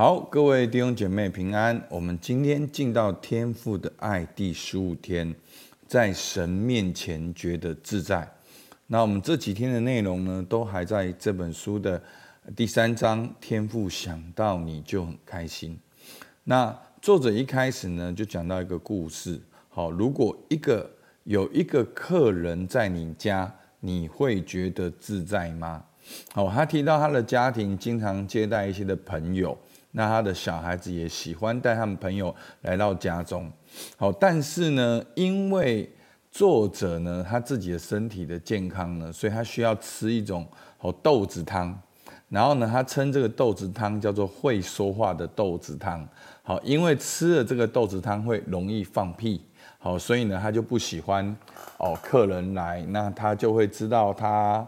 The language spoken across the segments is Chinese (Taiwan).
好，各位弟兄姐妹平安。我們今天進到天父的愛第十五天，在神面前覺得自在。那我們這幾天的內容呢，都還在這本書的第三章，天父想到你就很開心。那作者一開始呢，就講到一個故事。好，如果一個有一個客人在你家，你會覺得自在嗎？好，他提到他的家庭經常接待一些的朋友。那他的小孩子也喜歡帶他們朋友來到家中，好，但是呢，因為作者呢，他自己的身體的健康呢，所以他需要吃一種哦豆子湯，然後呢，他稱這個豆子湯叫做會說話的豆子湯，好，因為吃了這個豆子湯會容易放屁，好，所以呢，他就不喜歡哦客人來，那他就會知道他。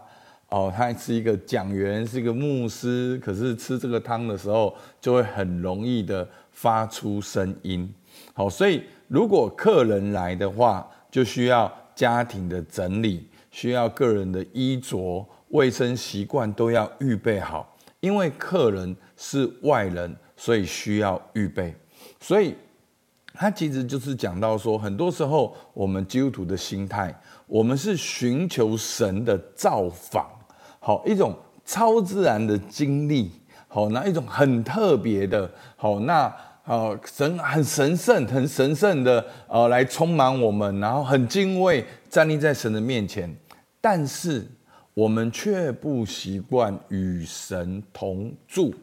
哦，他是一個講員，是一個牧師，可是吃這個湯的時候就會很容易的發出聲音。好，哦，所以如果客人來的話，就需要家庭的整理，需要個人的衣着、衛生習慣都要預備好，因為客人是外人，所以需要預備。所以他其實就是講到說，很多時候我們基督徒的心態，我們是尋求神的造訪。好一種超自然的經歷，好那一種很特別的，好那呃神很神聖、很神聖的呃來充滿我們，然後很敬畏站立在神的面前，但是我們卻不習慣與神同住，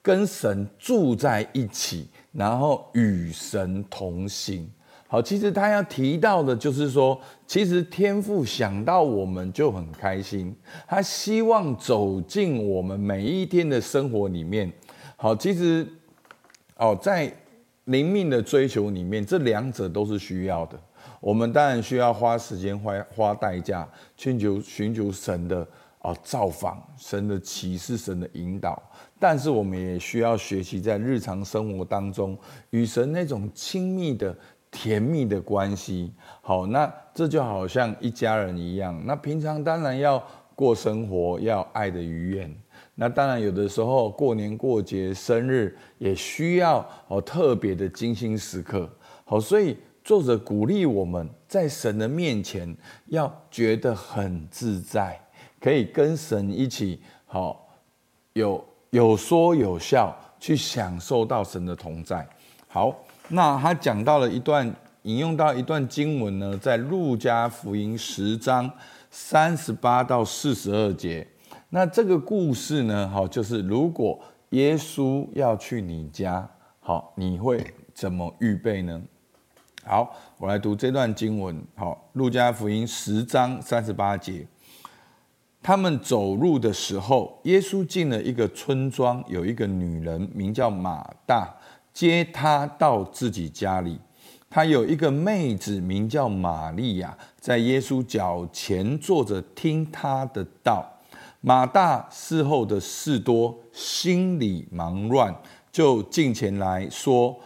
跟神住在一起，然後與神同行。好，其實他要提到的，就是說，其實天父想到我們就很開心，他希望走進我們每一天的生活裡面。好，其實，哦，在靈命的追求裡面，這兩者都是需要的。我們當然需要花時間、花花代價，尋求尋求神的哦造訪、神的啟示、神的引導。但是，我們也需要學習在日常生活當中與神那種親密的。甜蜜的關係，好，那這就好像一家人一樣。那平常當然要過生活，要愛的愉悅。那當然有的時候過年過節、生日也需要哦特別的精心時刻。好，所以作者鼓勵我們在神的面前要覺得很自在，可以跟神一起好有有說有笑，去享受到神的同在。好。那他講到了一段引用到一段經文呢，在路加福音十章三十八到四十二節。那這個故事呢，好，就是如果耶穌要去你家，好，你會怎麼預備呢？好，我來讀這段經文。好，路加福音十章三十八節，他們走路的時候，耶穌進了一個村莊，有一個女人名叫馬大。接他到自己家裡，他有一個妹子名叫瑪利亞，在耶穌腳前坐着聽他的道。馬大伺候的事多，心裡忙亂，就進前來說：“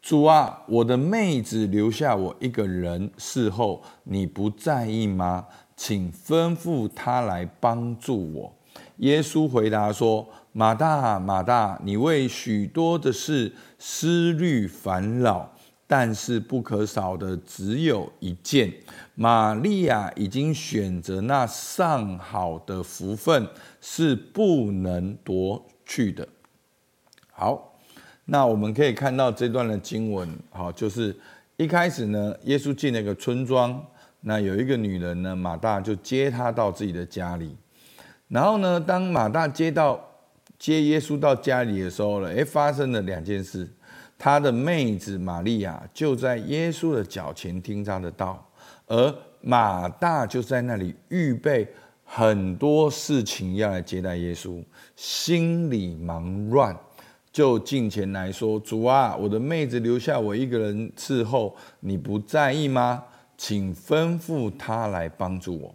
主啊，我的妹子留下我一個人，伺候你不在意嗎？請吩咐她來幫助我。”耶穌回答說。馬大，馬大，你為許多的事思慮煩惱，但是不可少的只有一件。馬利亞已經選擇那上好的福分，是不能奪去的。好，那我們可以看到這段的經文，好，就是一開始呢，耶穌進了一個村莊，那有一個女人呢，馬大就接她到自己的家裡，然後呢，當馬大接到。接耶穌到家裡的時候呢，誒、欸，發生了兩件事。他的妹子瑪利亞就在耶穌的腳前聽他的道，而馬大就在那裡預備很多事情要來接待耶穌，心裡忙亂，就進前來說：“主啊，我的妹子留下我一個人伺候，你不在意嗎？請吩咐他來幫助我。”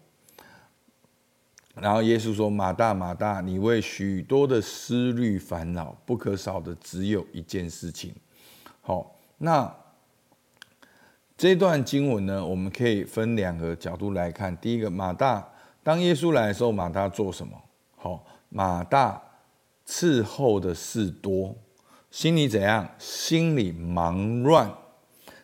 然後耶穌說：“馬大，馬大，你為許多的思慮煩惱，不可少的只有一件事情。”好，那這段經文呢，我們可以分兩個角度來看。第一個，馬大當耶穌來的時候，馬大做什麼？好，馬大伺候的事多，心裡怎樣？心裡忙亂。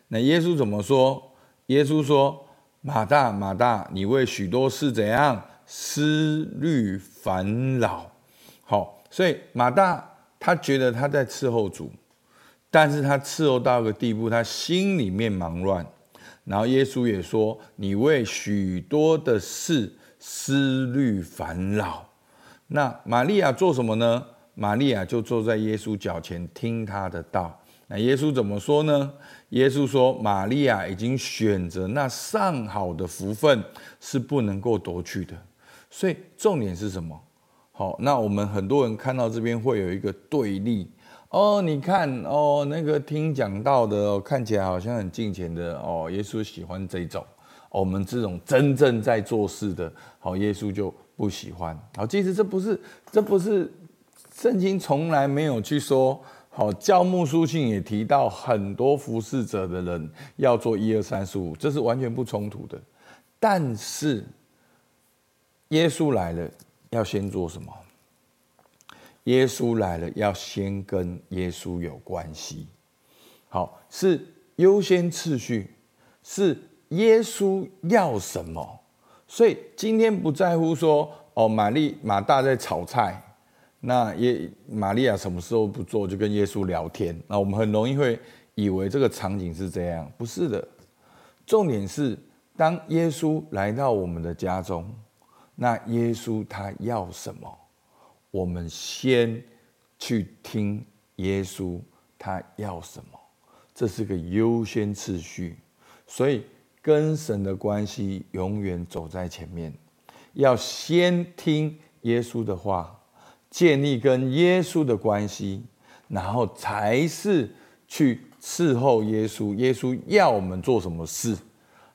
那耶穌怎麼說？耶穌說：“馬大，馬大，你為許多事怎樣？”思慮煩惱，好，所以馬大他覺得他在伺候主，但是他伺候到一個地步，他心裡面忙亂。然後耶穌也說：“你為許多的事思慮煩惱。”那馬利亞做什麼呢？馬利亞就坐在耶穌腳前聽他的道。那耶穌怎麼說呢？耶穌說：“馬利亞已經選擇那上好的福分，是不能夠奪去的。”所以重點是什麼？好，那我們很多人看到這邊會有一個對立哦，你看哦，那個聽講道的哦，看起來好像很敬虔的哦，耶穌喜歡這種，哦，我們這種真正在做事的，好，哦，耶穌就不喜歡。好，其實這不是，這不是，聖經從來沒有去說。好，哦，教牧書信也提到很多服侍者的人要做一二三四五，這是完全不衝突的，但是。耶穌來了，要先做什麼？耶穌來了，要先跟耶穌有關係。好，是優先次序，是耶穌要什麼？所以今天不在乎說哦，瑪麗馬大在炒菜，那耶瑪利亞什麼時候不做，就跟耶穌聊天。那我們很容易會以為這個場景是這樣，不是的。重點是，當耶穌來到我們的家中。那耶穌他要什麼？我們先去聽耶穌他要什麼，這是個優先次序。所以跟神的關係永遠走在前面，要先聽耶穌的話，建立跟耶穌的關係，然後才是去伺候耶穌。耶穌要我們做什麼事？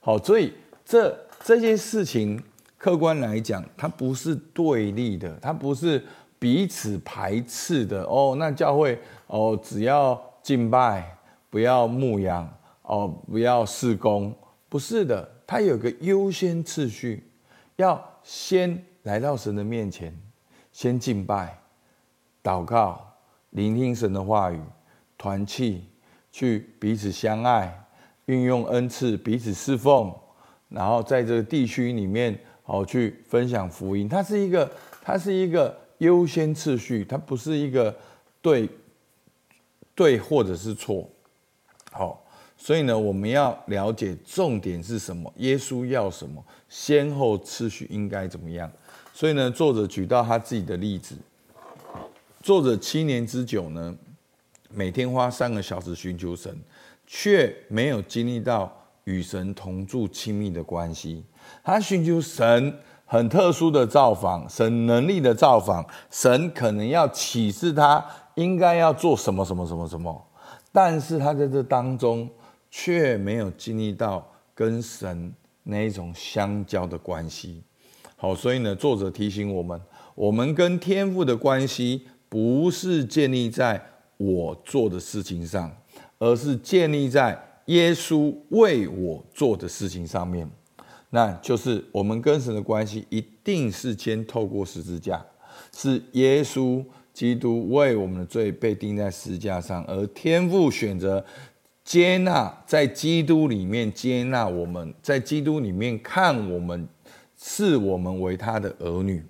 好，所以這這些事情。客觀來講，它不是對立的，它不是彼此排斥的哦。那教會哦，只要敬拜，不要牧養哦，不要事工，不是的，它有個優先次序，要先來到神的面前，先敬拜、禱告、聆聽神的話語、團契、去彼此相愛、運用恩賜、彼此侍奉，然後在這個地區裡面。好，去分享福音，它是一個，它是一個優先次序，它不是一個對，對或者是錯。好，所以呢，我們要了解重點是什麼？耶穌要什麼？先後次序應該怎麼樣？所以呢，作者舉到他自己的例子，作者七年之久呢，每天花三個小時尋求神，卻沒有經歷到與神同住、親密的關係。他尋求神很特殊的造訪，神能力的造訪，神可能要啟示他應該要做什麼什麼什麼什麼，但是他在這當中卻沒有經歷到跟神那種相交的關係。好，所以呢，作者提醒我們，我們跟天父的關係不是建立在我做的事情上，而是建立在耶穌為我做的事情上面。那就是我們跟神的關係，一定是先透過十字架，是耶穌基督為我們的罪被釘在十字架上，而天父選擇接納，在基督裡面接納我們，在基督裡面看我們，視我們為他的兒女。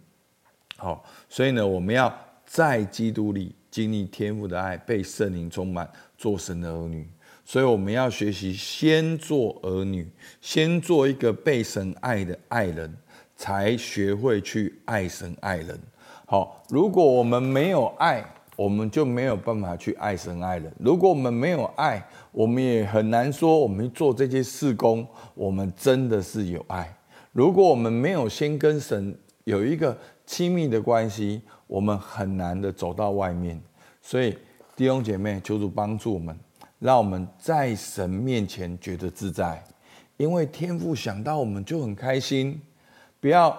好，所以呢，我們要在基督裡經歷天父的愛，被聖靈充滿，做神的兒女。所以我們要學習先做兒女，先做一個被神愛的愛人，才學會去愛神愛人。好，如果我們沒有愛，我們就沒有辦法去愛神愛人。如果我們沒有愛，我們也很難說我們做這些事工，我們真的是有愛。如果我們沒有先跟神有一個親密的關係，我們很難的走到外面。所以弟兄姐妹，求主幫助我們。讓我們在神面前覺得自在，因為天父想到我們就很開心。不要，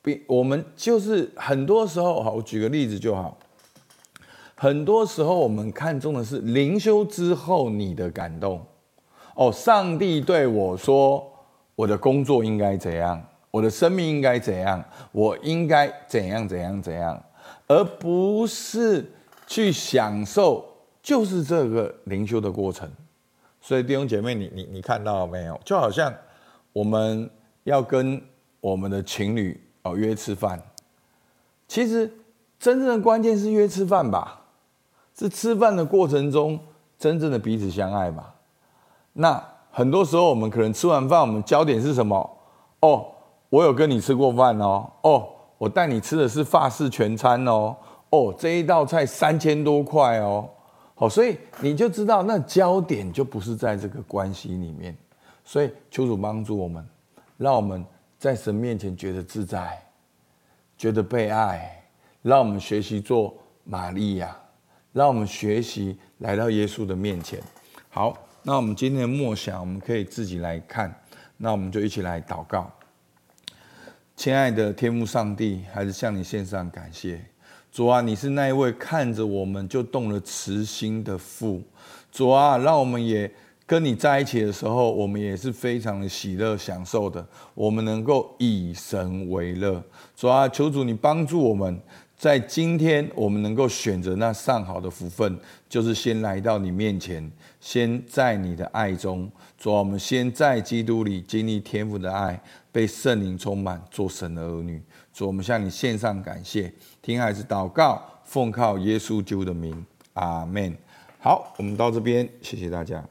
比我們就是很多時候，好，我舉個例子就好。很多時候我們看重的是靈修之後你的感動。哦，上帝對我說，我的工作應該怎樣，我的生命應該怎樣，我應該怎樣怎樣怎樣，而不是去享受就是這個靈修的過程，所以弟兄姐妹你，你你你看到了沒有？就好像我們要跟我們的情侶哦約吃飯，其實真正的關鍵是約吃飯吧，是吃飯的過程中真正的彼此相愛吧。那很多時候我們可能吃完飯，我們焦點是什麼？哦，我有跟你吃過飯哦，哦，我帶你吃的是法式全餐哦，哦，這一道菜三千多塊哦。哦，所以你就知道，那焦點就不是在這個關係裡面。所以，求主幫助我們，讓我們在神面前覺得自在，覺得被愛。讓我們學習做瑪利亞，讓我們學習來到耶穌的面前。好，那我們今天的默想，我們可以自己來看。那我們就一起來禱告，親愛的天父上帝，還是向你獻上感謝。主啊，你是那一位看着我們就動了慈心的父。主啊，讓我們也跟你在一起的時候，我們也是非常的喜樂享受的。我們能夠以神為樂。主啊，求主你幫助我們，在今天我們能夠選擇那上好的福分，就是先來到你面前，先在你的愛中。主啊，我們先在基督裡經歷天父的愛，被聖靈充滿，做神的兒女。我們向你獻上感謝，聽孩子禱告，奉靠耶穌基督的名，阿門。好，我們到這邊，謝謝大家。